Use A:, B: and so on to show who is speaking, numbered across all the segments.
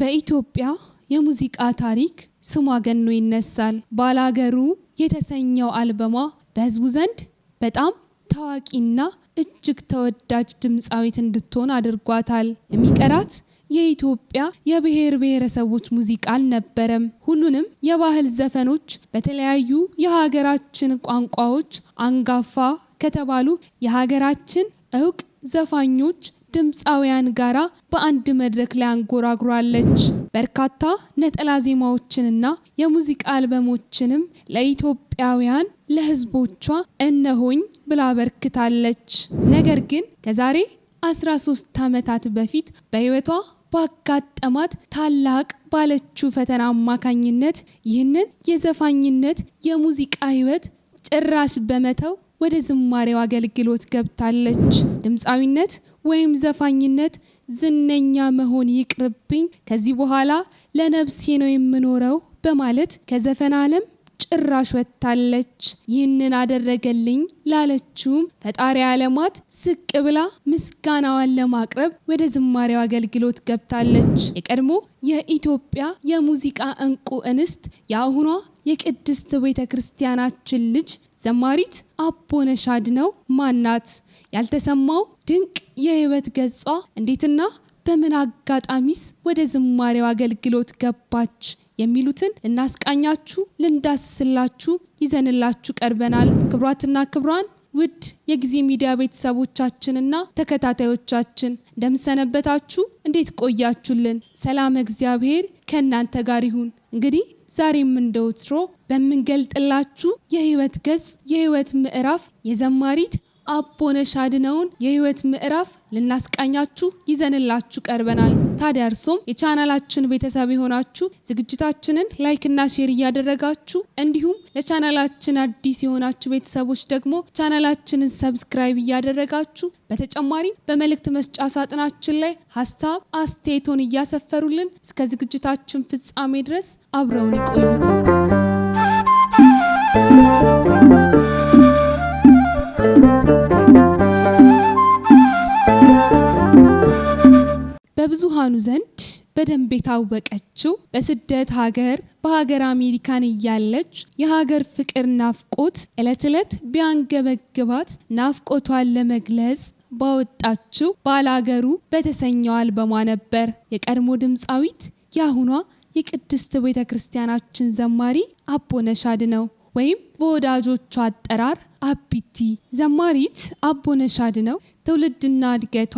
A: በኢትዮጵያ የሙዚቃ ታሪክ ስሟ ገኖ ይነሳል። ባላገሩ የተሰኘው አልበሟ በህዝቡ ዘንድ በጣም ታዋቂና እጅግ ተወዳጅ ድምፃዊት እንድትሆን አድርጓታል። የሚቀራት የኢትዮጵያ የብሔር ብሔረሰቦች ሙዚቃ አልነበረም። ሁሉንም የባህል ዘፈኖች በተለያዩ የሀገራችን ቋንቋዎች አንጋፋ ከተባሉ የሀገራችን እውቅ ዘፋኞች ድምፃውያን ጋራ በአንድ መድረክ ላይ አንጎራጉራለች። በርካታ ነጠላ ዜማዎችንና የሙዚቃ አልበሞችንም ለኢትዮጵያውያን ለህዝቦቿ እነሆኝ ብላ አበርክታለች። ነገር ግን ከዛሬ 13 ዓመታት በፊት በህይወቷ ባጋጠማት ታላቅ ባለችው ፈተና አማካኝነት ይህንን የዘፋኝነት የሙዚቃ ህይወት ጭራሽ በመተው ወደ ዝማሬው አገልግሎት ገብታለች። ድምፃዊነት ወይም ዘፋኝነት ዝነኛ መሆን ይቅርብኝ፣ ከዚህ በኋላ ለነብሴ ነው የምኖረው በማለት ከዘፈን ዓለም ጭራሽ ወጥታለች። ይህንን አደረገልኝ ላለችውም ፈጣሪ ዓለማት ስቅ ብላ ምስጋናዋን ለማቅረብ ወደ ዝማሬው አገልግሎት ገብታለች። የቀድሞ የኢትዮጵያ የሙዚቃ እንቁ እንስት የአሁኗ የቅድስት ቤተ ክርስቲያናችን ልጅ ዘማሪት አቦነሽ አድነው ማናት? ያልተሰማው ድንቅ የህይወት ገጿ እንዴትና በምን አጋጣሚስ ወደ ዝማሬው አገልግሎት ገባች? የሚሉትን ልናስቃኛችሁ ልንዳስስላችሁ ይዘንላችሁ ቀርበናል። ክብሯትና ክብሯን ውድ የጊዜ ሚዲያ ቤተሰቦቻችንና ተከታታዮቻችን እንደምሰነበታችሁ፣ እንዴት ቆያችሁልን? ሰላም እግዚአብሔር ከእናንተ ጋር ይሁን። እንግዲህ ዛሬም እንደ ወትሮ በምንገልጥላችሁ የህይወት ገጽ የህይወት ምዕራፍ የዘማሪት አቦነሽ አድነውን የህይወት ምዕራፍ ልናስቃኛችሁ ይዘንላችሁ ቀርበናል። ታዲያ እርሶም የቻናላችን ቤተሰብ የሆናችሁ ዝግጅታችንን ላይክና ሼር እያደረጋችሁ እንዲሁም ለቻናላችን አዲስ የሆናችሁ ቤተሰቦች ደግሞ ቻናላችንን ሰብስክራይብ እያደረጋችሁ በተጨማሪም በመልእክት መስጫ ሳጥናችን ላይ ሀሳብ አስተያየቶን እያሰፈሩልን እስከ ዝግጅታችን ፍጻሜ ድረስ አብረውን ይቆዩ። በብዙሃኑ ዘንድ በደንብ የታወቀችው በስደት ሀገር በሀገር አሜሪካን እያለች የሀገር ፍቅር ናፍቆት ዕለት ዕለት ቢያንገበግባት ናፍቆቷን ለመግለጽ ባወጣችው ባላገሩ በተሰኘው አልበሟ ነበር። የቀድሞ ድምፃዊት የአሁኗ የቅድስት ቤተ ክርስቲያናችን ዘማሪ አቦነሽ አድነው ወይም በወዳጆቿ አጠራር አቢቲ ዘማሪት አቦነሽ አድነው ትውልድና እድገቷ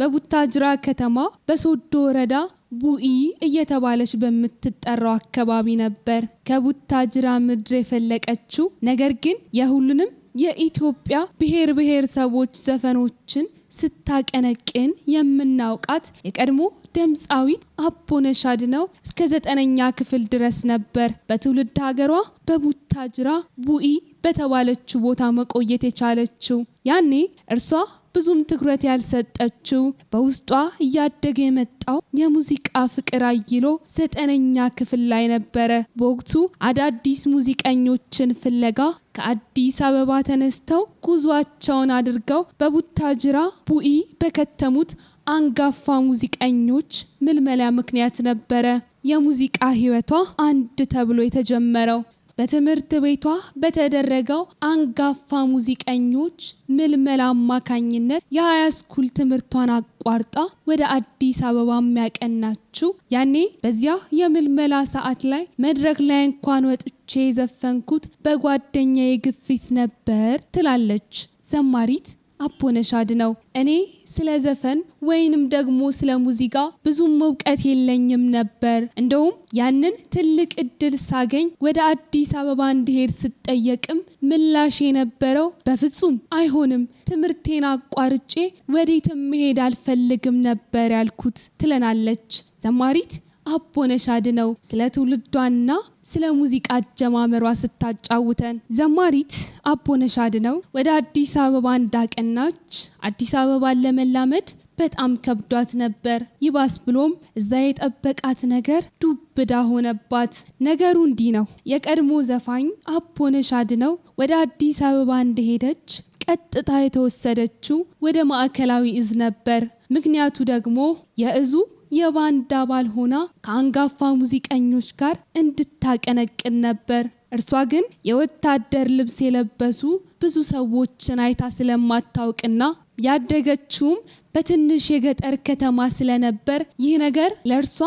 A: በቡታጅራ ከተማ በሶዶ ወረዳ ቡኢ እየተባለች በምትጠራው አካባቢ ነበር ከቡታጅራ ምድር የፈለቀችው። ነገር ግን የሁሉንም የኢትዮጵያ ብሔር ብሔረሰቦች ዘፈኖችን ስታቀነቅን የምናውቃት የቀድሞ ድምፃዊት አቦነሽ አድነው እስከ ዘጠነኛ ክፍል ድረስ ነበር በትውልድ ሀገሯ በቡታጅራ ቡኢ በተባለችው ቦታ መቆየት የቻለችው። ያኔ እርሷ ብዙም ትኩረት ያልሰጠችው በውስጧ እያደገ የመጣው የሙዚቃ ፍቅር አይሎ ዘጠነኛ ክፍል ላይ ነበረ። በወቅቱ አዳዲስ ሙዚቀኞችን ፍለጋ ከአዲስ አበባ ተነስተው ጉዟቸውን አድርገው በቡታጅራ ቡኢ በከተሙት አንጋፋ ሙዚቀኞች ምልመላ ምክንያት ነበረ የሙዚቃ ህይወቷ አንድ ተብሎ የተጀመረው። በትምህርት ቤቷ በተደረገው አንጋፋ ሙዚቀኞች ምልመላ አማካኝነት የሃይስኩል ትምህርቷን አቋርጣ ወደ አዲስ አበባ የሚያቀናችው ያኔ በዚያ የምልመላ ሰዓት ላይ መድረክ ላይ እንኳን ወጥቼ የዘፈንኩት በጓደኛ የግፊት ነበር ትላለች ዘማሪት አቦነሽ አድነው። እኔ ስለ ዘፈን ወይንም ደግሞ ስለ ሙዚቃ ብዙም እውቀት የለኝም ነበር። እንደውም ያንን ትልቅ እድል ሳገኝ ወደ አዲስ አበባ እንድሄድ ስጠየቅም ምላሽ የነበረው በፍጹም አይሆንም፣ ትምህርቴን አቋርጬ ወዴትም መሄድ አልፈልግም ነበር ያልኩት ትለናለች ዘማሪት አቦነሽ አድነው ስለ ትውልዷና ስለ ሙዚቃ አጀማመሯ ስታጫውተን ዘማሪት አቦነሽ አድነው ወደ አዲስ አበባ እንዳቀናች አዲስ አበባን ለመላመድ በጣም ከብዷት ነበር። ይባስ ብሎም እዛ የጠበቃት ነገር ዱብዳ ሆነባት። ነገሩ እንዲህ ነው። የቀድሞ ዘፋኝ አቦነሽ አድነው ወደ አዲስ አበባ እንደሄደች ቀጥታ የተወሰደችው ወደ ማዕከላዊ እዝ ነበር። ምክንያቱ ደግሞ የእዙ የባንድ አባል ሆና ከአንጋፋ ሙዚቀኞች ጋር እንድታቀነቅን ነበር። እርሷ ግን የወታደር ልብስ የለበሱ ብዙ ሰዎችን አይታ ስለማታውቅና ያደገችውም በትንሽ የገጠር ከተማ ስለነበር ይህ ነገር ለእርሷ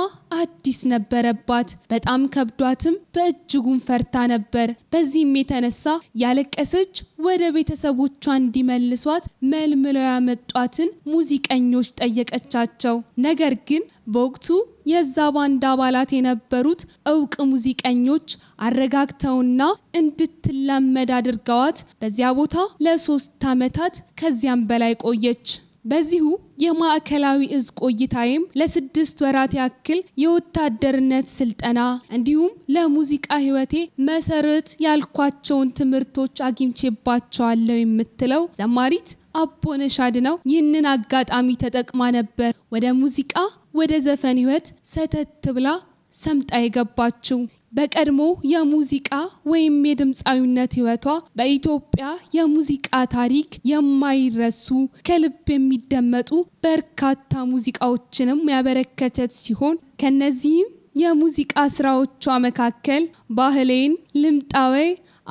A: አዲስ ነበረባት። በጣም ከብዷትም በእጅጉም ፈርታ ነበር። በዚህም የተነሳ ያለቀሰች ወደ ቤተሰቦቿ እንዲመልሷት መልምለው ያመጧትን ሙዚቀኞች ጠየቀቻቸው። ነገር ግን በወቅቱ የዛ ባንድ አባላት የነበሩት እውቅ ሙዚቀኞች አረጋግተውና እንድትላመድ አድርገዋት በዚያ በዚያ ቦታ ለሶስት ዓመታት ከዚያም በላይ ቆየች። በዚሁ የማዕከላዊ እዝ ቆይታዬም ለስድስት ወራት ያክል የወታደርነት ስልጠና እንዲሁም ለሙዚቃ ሕይወቴ መሰረት ያልኳቸውን ትምህርቶች አግኝቼባቸዋለሁ የምትለው ዘማሪት አቦነሽ አድነው ይህንን አጋጣሚ ተጠቅማ ነበር ወደ ሙዚቃ ወደ ዘፈን ሕይወት ሰተት ብላ ሰምጣ የገባችው። በቀድሞ የሙዚቃ ወይም የድምፃዊነት ህይወቷ በኢትዮጵያ የሙዚቃ ታሪክ የማይረሱ ከልብ የሚደመጡ በርካታ ሙዚቃዎችንም ያበረከተች ሲሆን ከነዚህም የሙዚቃ ስራዎቿ መካከል ባህሌን፣ ልምጣዌ፣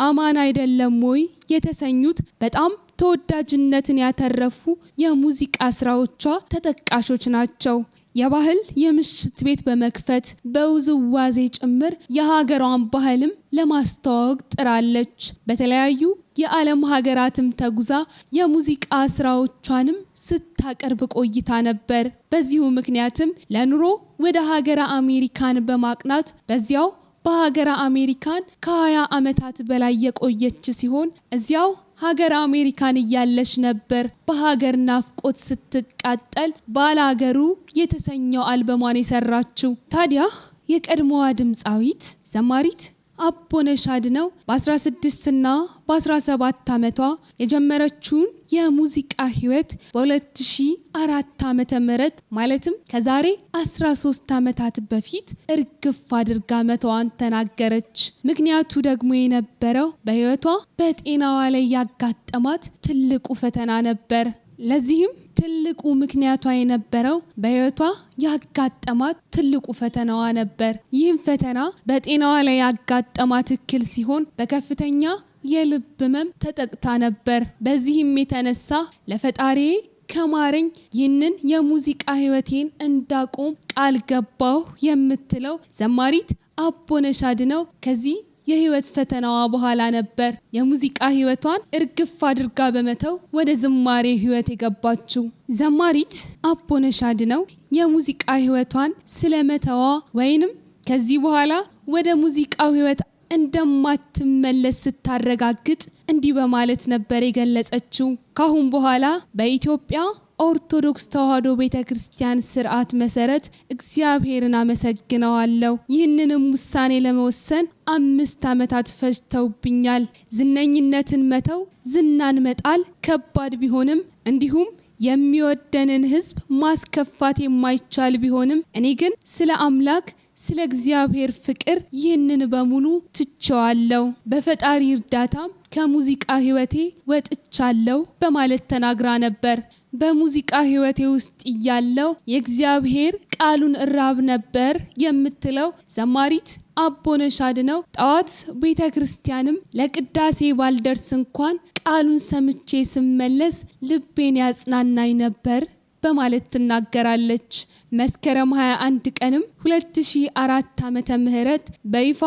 A: አማን አይደለም ወይ የተሰኙት በጣም ተወዳጅነትን ያተረፉ የሙዚቃ ስራዎቿ ተጠቃሾች ናቸው። የባህል የምሽት ቤት በመክፈት በውዝዋዜ ጭምር የሀገሯን ባህልም ለማስተዋወቅ ጥራለች። በተለያዩ የዓለም ሀገራትም ተጉዛ የሙዚቃ ስራዎቿንም ስታቀርብ ቆይታ ነበር። በዚሁ ምክንያትም ለኑሮ ወደ ሀገረ አሜሪካን በማቅናት በዚያው በሀገረ አሜሪካን ከ20 ዓመታት በላይ የቆየች ሲሆን እዚያው ሀገር አሜሪካን እያለች ነበር በሀገር ናፍቆት ስትቃጠል ባላገሩ የተሰኘው አልበሟን የሰራችው። ታዲያ የቀድሞዋ ድምፃዊት ዘማሪት አቦነሽ አድነው በ16 ና በ17 ዓመቷ የጀመረችውን የሙዚቃ ህይወት በ2004 ዓ ም ማለትም ከዛሬ 13 ዓመታት በፊት እርግፍ አድርጋ መተዋን ተናገረች። ምክንያቱ ደግሞ የነበረው በህይወቷ በጤናዋ ላይ ያጋጠማት ትልቁ ፈተና ነበር። ለዚህም ትልቁ ምክንያቷ የነበረው በህይወቷ ያጋጠማት ትልቁ ፈተናዋ ነበር። ይህም ፈተና በጤናዋ ላይ ያጋጠማት እክል ሲሆን በከፍተኛ የልብ ህመም ተጠቅታ ነበር። በዚህም የተነሳ ለፈጣሪ ከማረኝ ይህንን የሙዚቃ ህይወቴን እንዳቆም ቃል ገባሁ የምትለው ዘማሪት አቦነሽ አድነው ከዚህ የህይወት ፈተናዋ በኋላ ነበር የሙዚቃ ህይወቷን እርግፍ አድርጋ በመተው ወደ ዝማሬ ህይወት የገባችው። ዘማሪት አቦነሽ አድነው የሙዚቃ ህይወቷን ስለመተዋ ወይንም ከዚህ በኋላ ወደ ሙዚቃው ህይወት እንደማትመለስ ስታረጋግጥ እንዲህ በማለት ነበር የገለጸችው። ካሁን በኋላ በኢትዮጵያ ኦርቶዶክስ ተዋህዶ ቤተ ክርስቲያን ስርዓት መሰረት እግዚአብሔርን አመሰግነዋለሁ። ይህንንም ውሳኔ ለመወሰን አምስት ዓመታት ፈጅተውብኛል። ዝነኝነትን መተው፣ ዝናን መጣል ከባድ ቢሆንም እንዲሁም የሚወደንን ሕዝብ ማስከፋት የማይቻል ቢሆንም እኔ ግን ስለ አምላክ ስለ እግዚአብሔር ፍቅር ይህንን በሙሉ ትቸዋለሁ፣ በፈጣሪ እርዳታም ከሙዚቃ ህይወቴ ወጥቻለሁ በማለት ተናግራ ነበር። በሙዚቃ ህይወቴ ውስጥ እያለው የእግዚአብሔር ቃሉን እራብ ነበር የምትለው ዘማሪት አቦነሽ አድነው ጠዋት ቤተ ክርስቲያንም ለቅዳሴ ባልደርስ እንኳን ቃሉን ሰምቼ ስመለስ ልቤን ያጽናናኝ ነበር በማለት ትናገራለች። መስከረም 21 ቀንም 2004 ዓ ምህረት በይፋ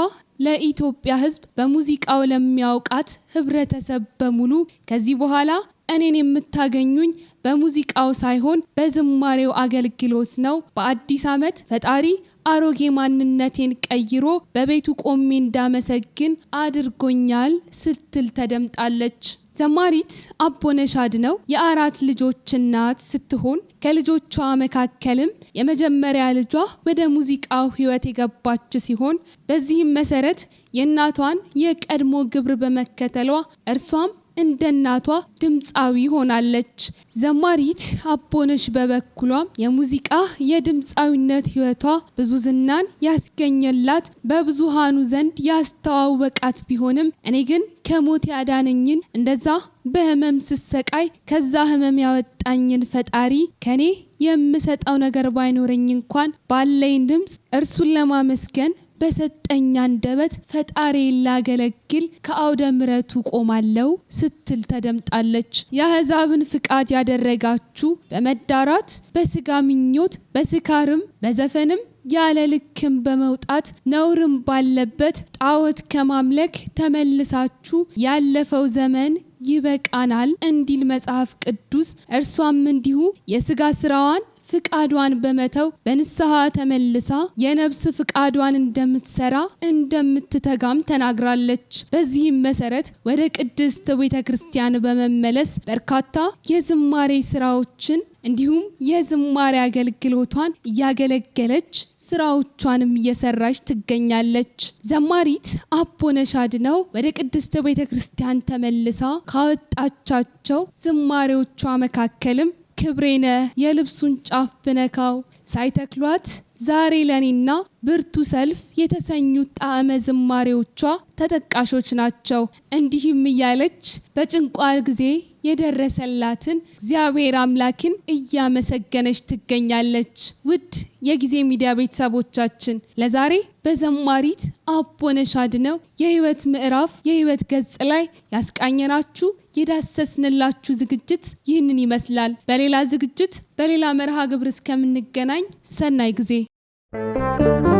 A: ለኢትዮጵያ ሕዝብ በሙዚቃው ለሚያውቃት ህብረተሰብ በሙሉ ከዚህ በኋላ እኔን የምታገኙኝ በሙዚቃው ሳይሆን በዝማሬው አገልግሎት ነው። በአዲስ ዓመት ፈጣሪ አሮጌ ማንነቴን ቀይሮ በቤቱ ቆሜ እንዳመሰግን አድርጎኛል ስትል ተደምጣለች። ዘማሪት አቦነሽ አድነው የአራት ልጆች እናት ስትሆን ከልጆቿ መካከልም የመጀመሪያ ልጇ ወደ ሙዚቃው ህይወት የገባች ሲሆን በዚህም መሰረት የእናቷን የቀድሞ ግብር በመከተሏ እርሷም እንደ እናቷ ድምፃዊ ሆናለች። ዘማሪት አቦነሽ በበኩሏም የሙዚቃ የድምፃዊነት ህይወቷ ብዙ ዝናን ያስገኘላት በብዙሃኑ ዘንድ ያስተዋወቃት ቢሆንም እኔ ግን ከሞት ያዳነኝን እንደዛ በህመም ስሰቃይ ከዛ ህመም ያወጣኝን ፈጣሪ ከኔ የምሰጠው ነገር ባይኖረኝ እንኳን ባለኝ ድምፅ እርሱን ለማመስገን በሰጠኝ አንደበት ፈጣሪ ላገለግል ከአውደ ምረቱ ቆማለው ስትል ተደምጣለች። የአህዛብን ፍቃድ ያደረጋችሁ በመዳራት በስጋ ምኞት በስካርም በዘፈንም ያለ ልክም በመውጣት ነውርም ባለበት ጣዖት ከማምለክ ተመልሳችሁ ያለፈው ዘመን ይበቃናል እንዲል መጽሐፍ ቅዱስ። እርሷም እንዲሁ የስጋ ስራዋን ፍቃዷን በመተው በንስሐ ተመልሳ የነብስ ፍቃዷን እንደምትሰራ እንደምትተጋም ተናግራለች። በዚህም መሰረት ወደ ቅድስት ቤተ ክርስቲያን በመመለስ በርካታ የዝማሬ ስራዎችን እንዲሁም የዝማሬ አገልግሎቷን እያገለገለች ስራዎቿንም እየሰራች ትገኛለች። ዘማሪት አቦነሽ አድነው ወደ ቅድስት ቤተ ክርስቲያን ተመልሳ ካወጣቻቸው ዝማሬዎቿ መካከልም ክብሬ ነህ። የልብሱን ጫፍ ብነካው ሳይተክሏት ዛሬ ለኔና ብርቱ ሰልፍ የተሰኙት ጣዕመ ዝማሬዎቿ ተጠቃሾች ናቸው። እንዲህም እያለች በጭንቋ ጊዜ የደረሰላትን እግዚአብሔር አምላክን እያመሰገነች ትገኛለች። ውድ የጊዜ ሚዲያ ቤተሰቦቻችን ለዛሬ በዘማሪት አቦነሽ አድነው የህይወት ምዕራፍ የህይወት ገጽ ላይ ያስቃኘናችሁ የዳሰስንላችሁ ዝግጅት ይህንን ይመስላል። በሌላ ዝግጅት በሌላ መርሃ ግብር እስከምንገናኝ ሰናይ ጊዜ Música